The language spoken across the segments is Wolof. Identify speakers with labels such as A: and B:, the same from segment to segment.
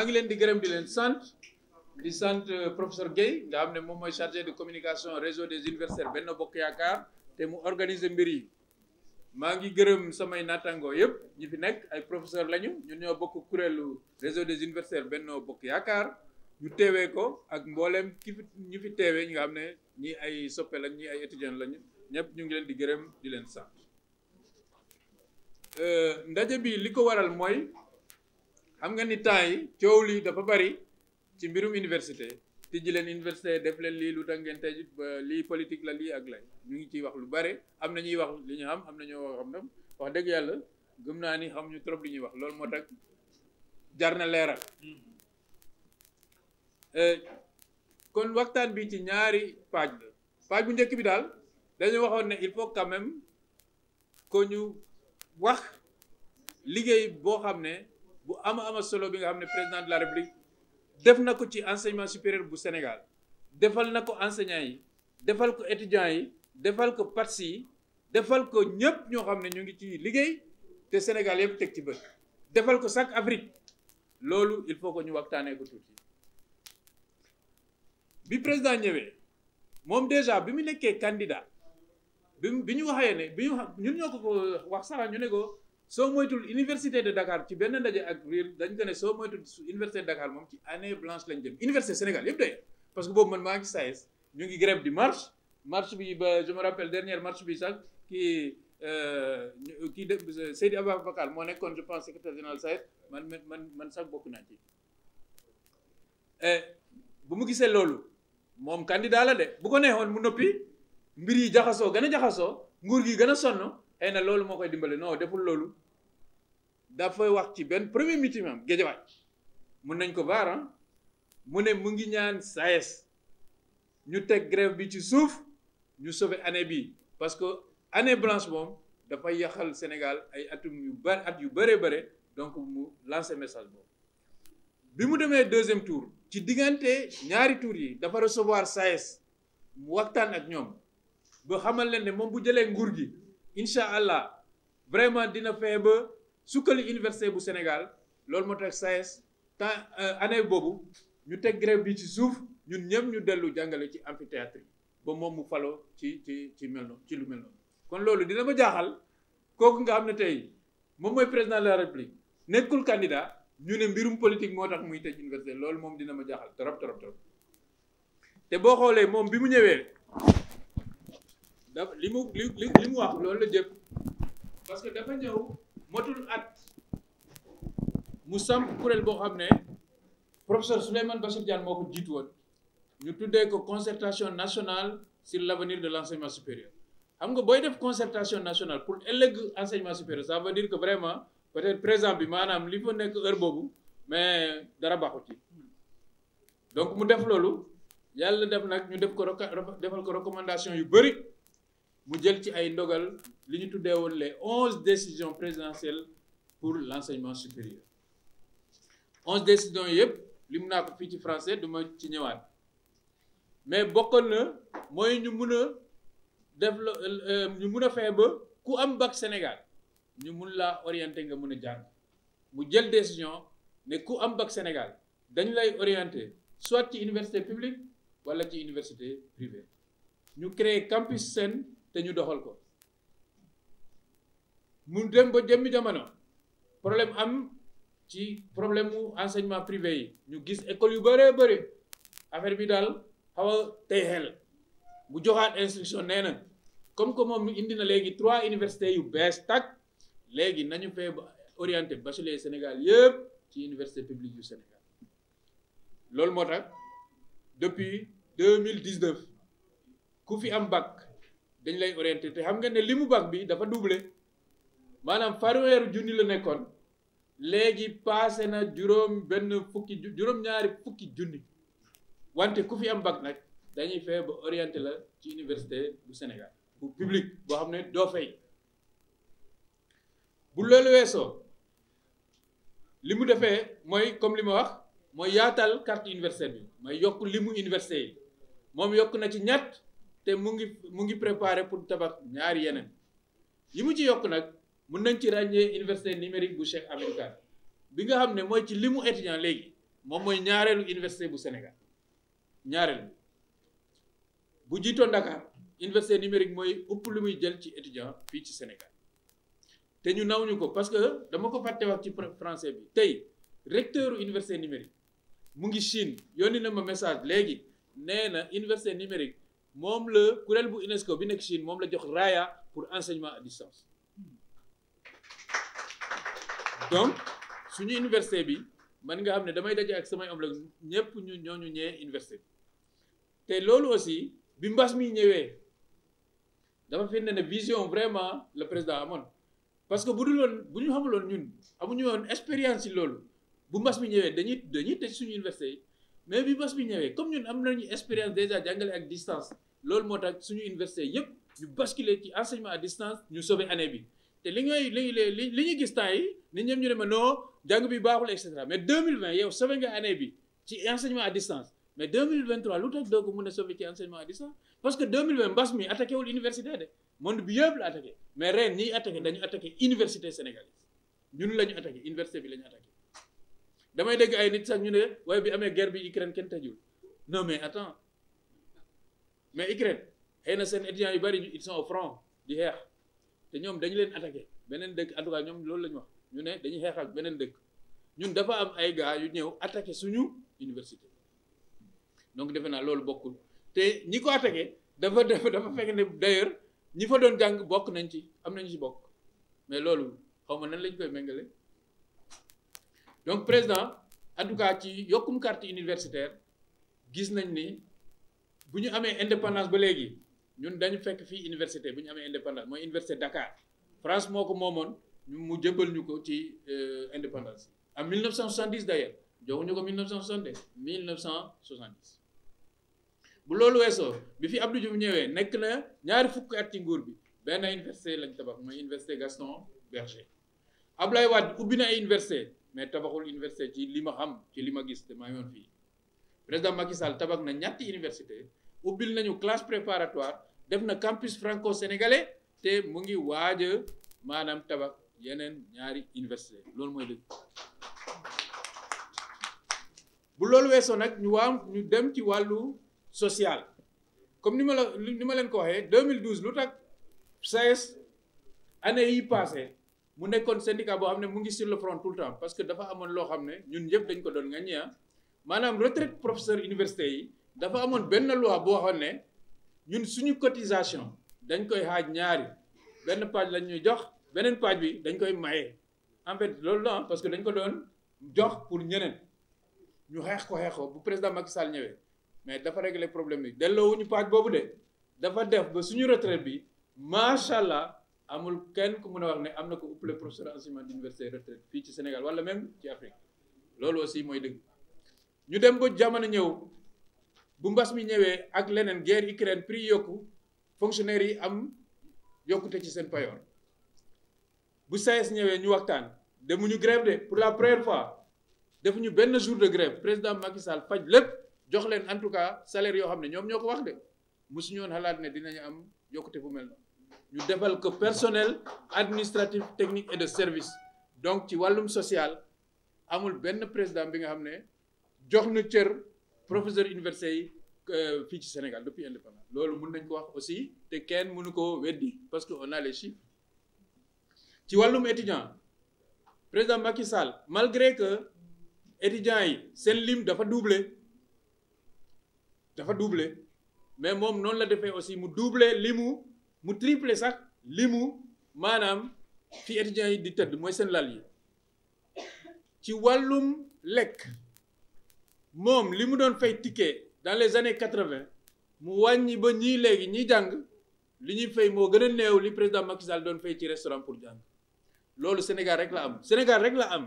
A: maa ngi leen di gërëm di leen sant di sant euh, professeur Guèye nga xam ne moom mooy chargé de communication réseau des universitaires Benno Bokk Yaakaar te mu organiser mbir yi maa ngi gërëm samay nattangoo yëpp ñi fi nekk ay professeur lañu ñu ñoo bokk kuréelu réseau des universitaires Benno Bokk Yaakaar ñu teewee ko ak mbooleem ki fi ñu fi teewee ñi nga xam ne ñi ay soppe lañ ñi ay étudiant lañu ñëpp ñu ngi leen di gërëm di leen sant euh, ndaje bi li ko waral mooy xam nga ni temps yi coow lii dafa bari ci mbirum université tijji leen université def leen lii lu tax ngeen tëj lii politique la lii ak lay ñu ngi ciy wax lu bari am na ñuy wax li ñu xam am na ñoo wax dëgg yàlla gëm naa ni xam ñu trop li ñuy wax loolu moo tax jar na leeral euh, kon waxtaan bi ci ñaari paaj la paaj bu njëkk bi daal dañu waxoon ne il faut quand ko ñu wax liggéey boo xam ne bu ama ama solo bi nga xam ne président de la république def na ko ci enseignement supérieur bu Sénégal defal na ko enseignants yi defal ko étudiants yi defal ko parti yi defal ko ñëpp ñoo xam ne ñu ngi ci liggéey te Sénégal yëpp teg ci bët defal ko chaque Afrique loolu il faut que ñu waxtaanee ko tuuti bi président ñëwee moom déjà bi mu nekkee candidat bi bi ñu waxee ne bi ñu ñun ñoo ko ko wax sax ñu ne ko soo moytul université de Dakar ci benn ndaje ak biir dañ ko ne soo moytul université de Dakar moom ci année blanche lañ jëm université Sénégal yëpp day parce que boobu man maa ngi SAES ñu ngi grève di marche marche bi ba je me rappelle dernière marche bi sax kii euh, kii de Seydi Ababacar moo nekkoon je pense secrétaire général SAES man man man sax bokk naa ci eh, bu mu gisee loolu moom candidat la de bu ko neexoon mu noppi mbir yi jaxasoo gën a jaxasoo nguur gi gën a sonn xëy loolu moo koy dimbale non deful loolu dafay wax ci premier meeting am géejawaay mun nañ ko baar hein? mu ne mu ñaan SAES e ñu teg grève bi ci suuf ñu sauver année bi parce que année blanche moom dafay yaxal Sénégal ay atum yu bar at yu donc lancer message boobu bi mu demee deuxième tour ci diggante ñaari tour yi recevoir SAES e mu waxtaan ak xamal bu incha allah vraiment dina fexe ba sukkali université bu Sénégal loolu moo tax SAES temps euh, année boobu ñu teg grève bi ci suuf ñun ñëpp ñu dellu jàngale ci amphithéâtre ba moom mu falo ci ci ci mel ci lu mel noonu kon loolu dina ma jaaxal kooku nga am ne tey moom mooy président de la république nekkul candidat ñu ne mbirum politique moo tax muy tëj université loolu moom dina ma jaaxal trop trop trop te boo xoolee moom bi mu ñëwee dafa li mu li li mu wax loolu la jëpp parce que dafa ñëw matul at mu samp kuréel boo xam ne professeur Souleymane Bachir Diagne moo ko jiitu woon ñu tuddee ko concertation national si l'avenir de l'enseignement supérieur xam nga booy def concertation nationale pour ëllëg enseignement supérieur ça veut dire que vraiment peut-être présent bi maanaam li fa nekk heure boobu mais dara baaxu ci donc mu def loolu yàlla def nag ñu def ko defal ko recommandation yu bëri nous avons ci ay ndogal li ñu les onze décisions présidentielles pour l'enseignement supérieur 11 décisions yëpp avons naa ko fii ci français du ma ci ñëwaat mais bokkoon na mooy ñu mun a def euh, ñu mun a ba ku am bac Sénégal ñu mun laa orienté nga mun a jàng mu décision ne ku am bac Sénégal dañ lay orienté soit ci université publique wala ci université privée ñu créé campus sain. te ñu doxal ko mu dem ba jëmmi jamono problème am ci problème mu enseignement privé yi ñu gis école yu bëree bëri affaire bi daal xaw a tey xel bu joxaat instruction nee na comme que moom indi na léegi trois universités yu bees tak léegi nañu fee orienté bachelier Sénégal yëpp ci université publique yu Sénégal loolu moo tax depuis deux mille dix-neuf ku fi am bac dañ lay orienté te xam nga ne li mu bac bi dafa doublé maanaam fanweeru junni la nekkoon léegi passé na juróom benn fukki juróom-ñaari fukki junni wante ku fi am bac nag dañuy fexe ba orienté la ci université bu Sénégal bu public boo xam ne doo fay bu loolu weesoo li mu defee mooy comme li ma wax mooy yaatal carte universitaire bi mooy yokk limu université yi moom yokk na ci ñett te mu ngi mu ngi préparé pour tabax ñaari yeneen yi mu ci yokk nag mën nañ ci ràññee université numérique bu Cheikh Hamidou bi nga xam ne mooy ci li mu étudiant léegi moom mooy ñaareelu université bu Sénégal ñaareelu bu jiitoon Dakar université numérique mooy ëpp lu muy jël ci étudiant fii ci Sénégal te ñu naw ñu ko parce que dama ko fàtte wax ci français bi tey recteur université numérique mu ngi Chine yónni na ma message léegi nee na université numérique mom le kuréel bu UNESCO bi nek Chine mom la jox raya pour enseignement à distance donc suñu université bi man nga xam damay dajé ak samay homologue ñepp ñu ñooñu ñé université té loolu aussi bi mbass mi ñëwé dama fi né vision vraiment le président amoon parce que bu dul woon bu ñu xamuloon ñun amuñu woon expérience ci loolu bu mbass mi ñëwé dañuy dañuy tëj suñu université mais bi bas bi comme ñun am nañu expérience déjà jàngale ak distance loolu moo tax suñu université yëpp ñu basculer ci enseignement à distance ñu sauver année bi te li ngay li li li ñu gis temps yi nit ñoom ñu ne ma non jàng bi baaxul et cetera mais 2020 yow sauver nga année bi ci enseignement à distance mais 2023 lu tax doo ko mën a ci enseignement à distance parce que 2020 mbas mi attaqué wul université de monde bi yëpp la attaqué mais ren ni attaqué dañu attaqué université sénégalaise ñun la ñu attaqué université bi la ñu attaqué. damay dégg ay nit sax ñu ne waaye bi amee guerre bi Ukraine kenn tëjul no mais attends mais Ukraine xëy na seen étudiants yu bari ils sont au front di xeex te ñoom dañu leen attaqué beneen dëkk en ñoom loolu lañu wax ñu ne dañu xeex ak beneen dëkk ñun dafa am ay gars yu ñëw attaqué suñu université donc defe naa loolu bokkul te ñi ko attaqué dafa dafa dafa fekk ne d'ailleurs ñi fa doon jàng bokk nañ ci am nañu ci bokk mais loolu xaw ma nan lañ koy méngale donc président en tout cas ci yokum carte universitaire gis nañ ni bu ñu amee indépendance ba légui ñun dañu fekk fi université bu ñu amee indépendance moy université Dakar France moko momone moomoon mu jëbal ñu ko ci euh, indépendance en 1970 d'ailleurs joxuñu ko 1970 1970 bu loolu wesso bi fi Abdou Diouf ñewé nek na ñaari fukk at ci nguur bi ben université lañ tabax moy université Gaston Berger Ablaye Wade ubbi na université mais tabaxul université ci li ma xam ci li ma gis te maa yoon fii président Macky Sall tabax na ñetti université ubbil nañu classe préparatoire def na campus franco sénégalais te mu ngi waaj a maanaam tabax yeneen ñaari université loolu mooy dëgg bu loolu weesoo nag ñu waam ñu dem ci wàllu social comme ni ma la ni ma leen ko waxee 2012 lu tax SAES e année yi passé mu nekkoon syndicat boo xam ne mu ngi sur le front tout le temps parce que dafa amoon loo xam ne ñun ñëpp dañ ko doon nga ñëwaat ah. maanaam retraite professeur université yi dafa amoon benn loi boo xam ne ñun suñu cotisation dañ koy xaaj ñaari benn paj lañ ñuy jox beneen pàcc bi dañ koy maye en fait loolu la parce que dañ ko doon jox pour ñeneen ñu xeex ko xeex ko bu président Macky Sall ñëwee mais dafa régler problème bi delloowuñu pàcc boobu de dafa def ba suñu retraite bi macha allah. amul kenn ku mën a wax ne am na ko uppale professeur enseignement d'université retraite fii ci Sénégal wala même ci Afrique loolu aussi mooy dëgg ñu dem ba jamono ñëw bu mbas mi ñëwee ak leneen guerre Ukraine prix yokku fonctionnaire yi am yokkute ci seen payoor bu SAES e ñëwee ñu waxtaan demuñu grève de pour la première fois defuñu benn jour de grève président Macky Sall faj lépp jox leen en tout cas salaire yoo xam ne ñoom ñoo ko wax de mosuñu woon xalaat ne dinañu am yokkute bu mel ñu defal ko personnel administratif technique et de service donc ci walum social amul benn président bi nga xam ne jox na professeur universitaire, yi euh, fii ci Sénégal depuis l'indépendance loolu mun nañ ko wax aussi te kenn munu ko weddi parce que on a les chiffres ci walum étudiant président Macky Sall malgré que étudiants yi seen lim dafa doublé dafa doublé mais moom noonu la defee aussi mu doublé limu mu triplé sax li mu maanaam fi étudiants yi di tëdd mooy seen lal yi ci wàllum lekk moom li mu doon fay ticket dans les années quatre-vingt mu wàññi ba ñii léegi ñiy jàng li ñuy fay moo gën a néew li président Macky Sall doon fay ci restaurant pour jàng loolu Sénégal rek la am Sénégal rek la am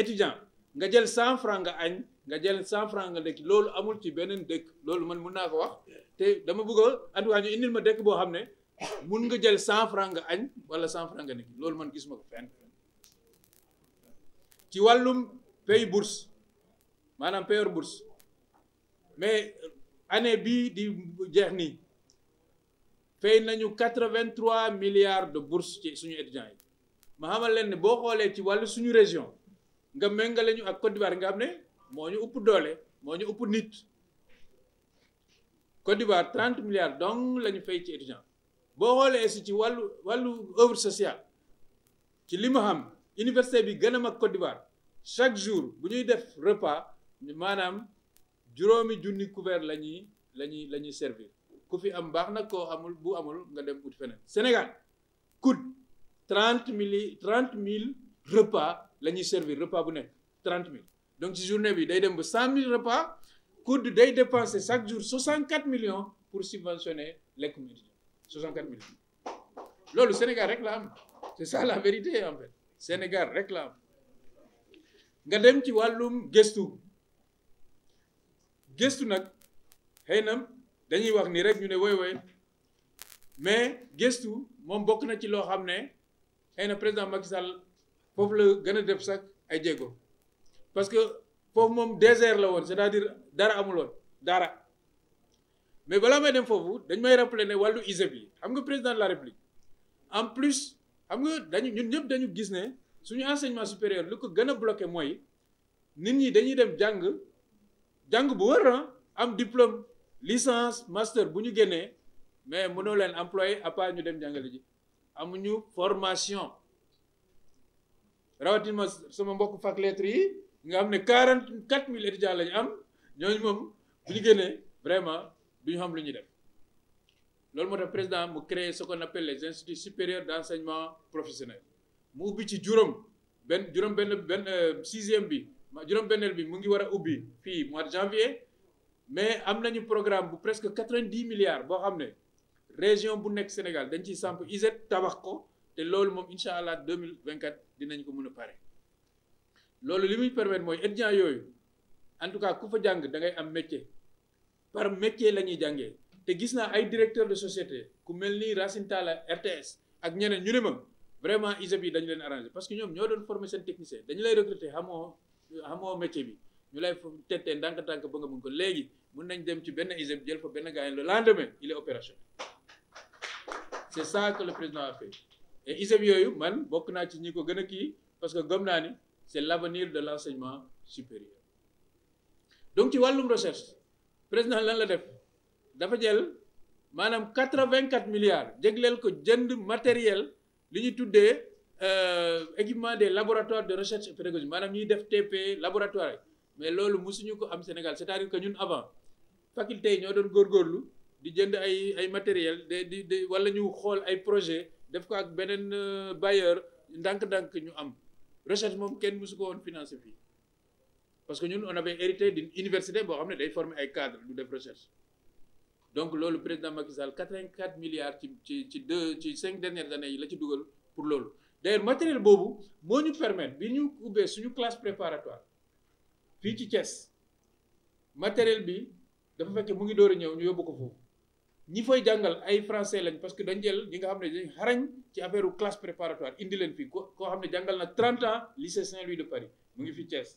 A: étudiant nga jël cent franc nga añ nga jël cent franc nga dëkk loolu amul ci beneen dëkk loolu man mun naa ko wax te dama bugg a en ñu indil ma dëkk boo xam ne. mun nga jël 100 francs nga agn wala 100 francs nga nek lolou man gisuma ko fenn ci walum pay bourse manam payeur bourse mais année bi di jeex ni fay nañu 83 milliards de bourse ci suñu étudiant yi ma xamal len ne boo xoolee ci walu suñu région nga méngale ñu ak Côte d'Ivoire nga amné moñu upp doole moñu upp nit Côte d'Ivoire 30 milliards donc lañu fay ci étudiant boo xoolee si ci wàllu wàllu œuvre sociale ci li ma xam université bi gën a mag Côte d'Ivoire chaque jour bu ñuy def repas maanaam juróomi junni couvert la ñuy la ñuy la ñuy servir ku fi am baax nag koo amul bu amul nga dem ut feneen Sénégal coûte trente mille trente mille repas la ñuy servir repas bu nekk trente mille donc ci journée bi day dem ba cent mille repas coûte day dépenser chaque jour soixante quatre millions pour subventionner les mu 64 millions le Sénégal réclame. c'est ça la vérité en fait Sénégal réclame. la nga dem ci walum gestu Gestu nak, xëy na dañuy wax ni rek ñu ne woy woy mais gestu, mon bokk na ci lo xam ne président Macky Sall foofu la gën def sax ay djégo. parce que foofu mom désert la woon c'est-à-dire dara amuloon dara mais voilà, may dem rappelle dañ may rappeler que président de la république en plus xam nga tous ñun que dañu l'enseignement enseignement supérieur le ko bloqué moi. Nous ñi dañuy dem jàng jàng bu ah, diplôme licence master mais nous employé à part ñu dem formation rawatina sama mbokk fac lettres yi nga étudiants nous am nous vraiment. Nous xam lu ñu def ce qu'on appelle les instituts supérieurs d'enseignement professionnel mu ci le euh, sixième bi bi mu mois de janvier mais am nañu programme bu presque 90 milliards boo xam région bu Sénégal dañ ciy samp ISET tabax ko te 2024 dinañ ko nous a pare loolu muy permettre en tout cas ku métier par métier la ñuy jàngee te gis naa ay directeur de société ku mel ni Racine RTS ak ñeneen ñu ne ma vraiment ISEP yi e dañu leen arrangé parce que ñoom ñoo doon former seen technicien dañu lay recruter xamoo xamoo métier bi ñu lay tettee ndànk-ndànk ba nga mun ko léegi mun nañ dem ci benn ISEP jël fa benn gars yi le lendemain il est opération. c'est ça que le président a fait et ISEP yooyu man bokk naa ci ñi ko gën a kii parce que gëm naa ni c'est l'avenir de l'enseignement supérieur donc ci wàllum recherche président lan la def dafa jël maanaam quatre-vingt-quatre milliards jégleel ko jënd matériel li ñu tuddee euh, équipement des laboratoires de recherche et pédagogie maanaam ñuy def TP laboratoire mais loolu mosuñu ko am Sénégal c'est-à-dire ko ñun avant faculté yi ñoo doon góor góorlu di jënd ay ay matériel de di di wala ñu xool ay projet def ko ak beneen euh, bailleur ndànk-ndànk ñu am recherche moom kenn musu ko woon financer fii parce que ñun on avait hérité d'une université boo xam ne day former ay cadre du def recherche donc loolu président Macky Sall 84 milliards ci ci ci deux ci cinq dernières années yi la ci dugal pour loolu d'ailleurs matériel boobu moo ñu permettre bi ñu ubbee suñu classe préparatoire fii ci Thiès matériel bi dafa fekk mu ngi door a ñëw ñu yóbbu ko foofu ñi fay jàngal ay français lañ parce que dañ jël ñi nga xam ne dañ xarañ ci affaire classe préparatoire indi leen fii ko koo xam ne jàngal na 30 ans lycée Saint-Louis de Paris mu ngi fi Thiès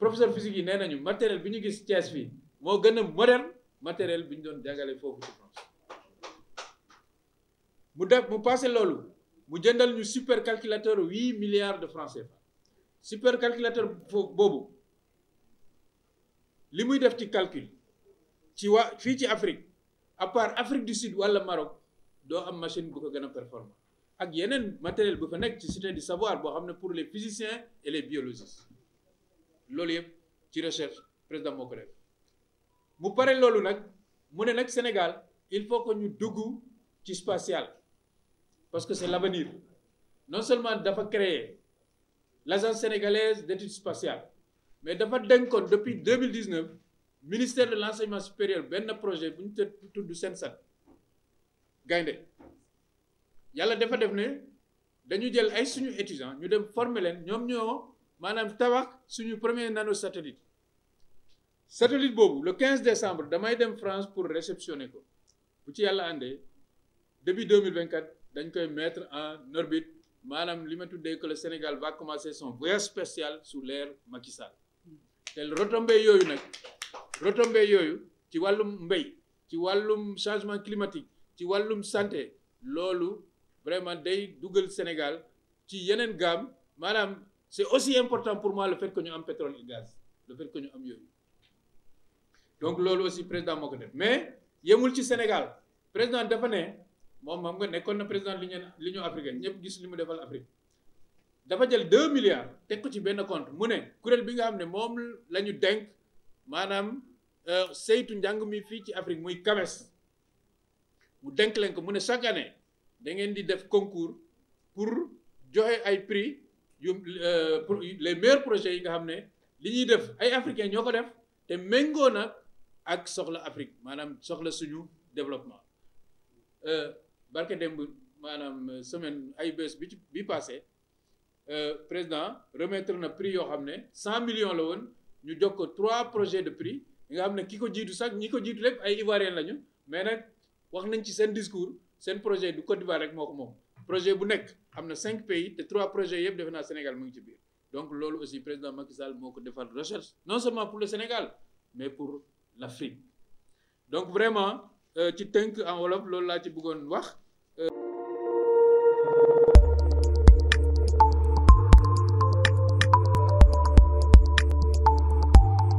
A: professeur physique yi nee nañu matériel bi ñu gis Thiès fii moo gën a matériel bi ñu doon jàngale foofu ci France mu def mu passé loolu mu jëndal ñu supercalculateur huit milliards de francs CFA supercalculateur de boobu li muy def ci calcul ci waa ci Afrique à part Afrique du Sud le Maroc doo am machine bu ko gën a performant ak yeneen matériel bu fa nekk ci cité du savoir boo xam pour les physiciens et les biologistes L'olive qui ci recherche président moo ko def mu pare loolu nag mu ne Sénégal il faut que ñu dugg ci spatial parce que c'est l'avenir non seulement dafa créer l'agence sénégalaise d'études spatiales mais dafa dénkoon depuis 2019 ministère de l'enseignement supérieur benn projet bu ñu të tudd SENSAT gaynde yàlla dafa def ne dañu jël ay suñu étudiants ñu dem former leen ñoom ñoo manam tabax suñu premier nano satellite satellite Bobu, le 15 décembre damay dem France pour réceptionner ko bu ci yalla andé début 2024 dañ koy mettre en orbite manam li ma que le Sénégal va commencer son voyage spécial sous l'air Macky Sall te retombées yooyu nag retombées yooyu ci walum mbey ci walum changement climatique ci walum santé loolu vraiment day dugal Sénégal ci yenen gamme, manam C'est aussi important pour moi le fait que nous avons pétrole et gaz, le fait que nous avons yoyu. Donc lolu aussi président moko def. Mais yemul ci Sénégal, président de ne mom mam nga président de l'Union africaine, ñepp gis limu defal il y a 2 milliards tek ko ci ben compte mu ne kurel bi il y a denk manam euh seytu njang mi fi ci Afrique muy CAMES. Mu denk len ko mu ne chaque année da def concours pour joxe ay prix Euh, yu les meilleurs projets yi nga xam ne li ñuy def ay africains ñoo ko def te méngoo ak soxla Afrique maanaam soxla suñu développement euh, barke démb maanaam euh, semaine ay bés bi bi passé président remettre na prix yoo xam ne cent millions la woon ñu jox ko trois projets de prix nga xam ne ki ko jiitu sax ñi ko jiitu lépp ay Ivoiriens lañu mais nag wax nañ ci seen discours seen projet du Côte d'Ivoire rek moo ko moom projet bu nek y a cinq pays te trois projets yeb defe Sénégal mu donc lolu aussi président Macky Sall moko defal recherche non seulement pour le Sénégal mais pour l'Afrique donc vraiment euh, ci tënk en wolof lolu la ci bëggoon wax euh,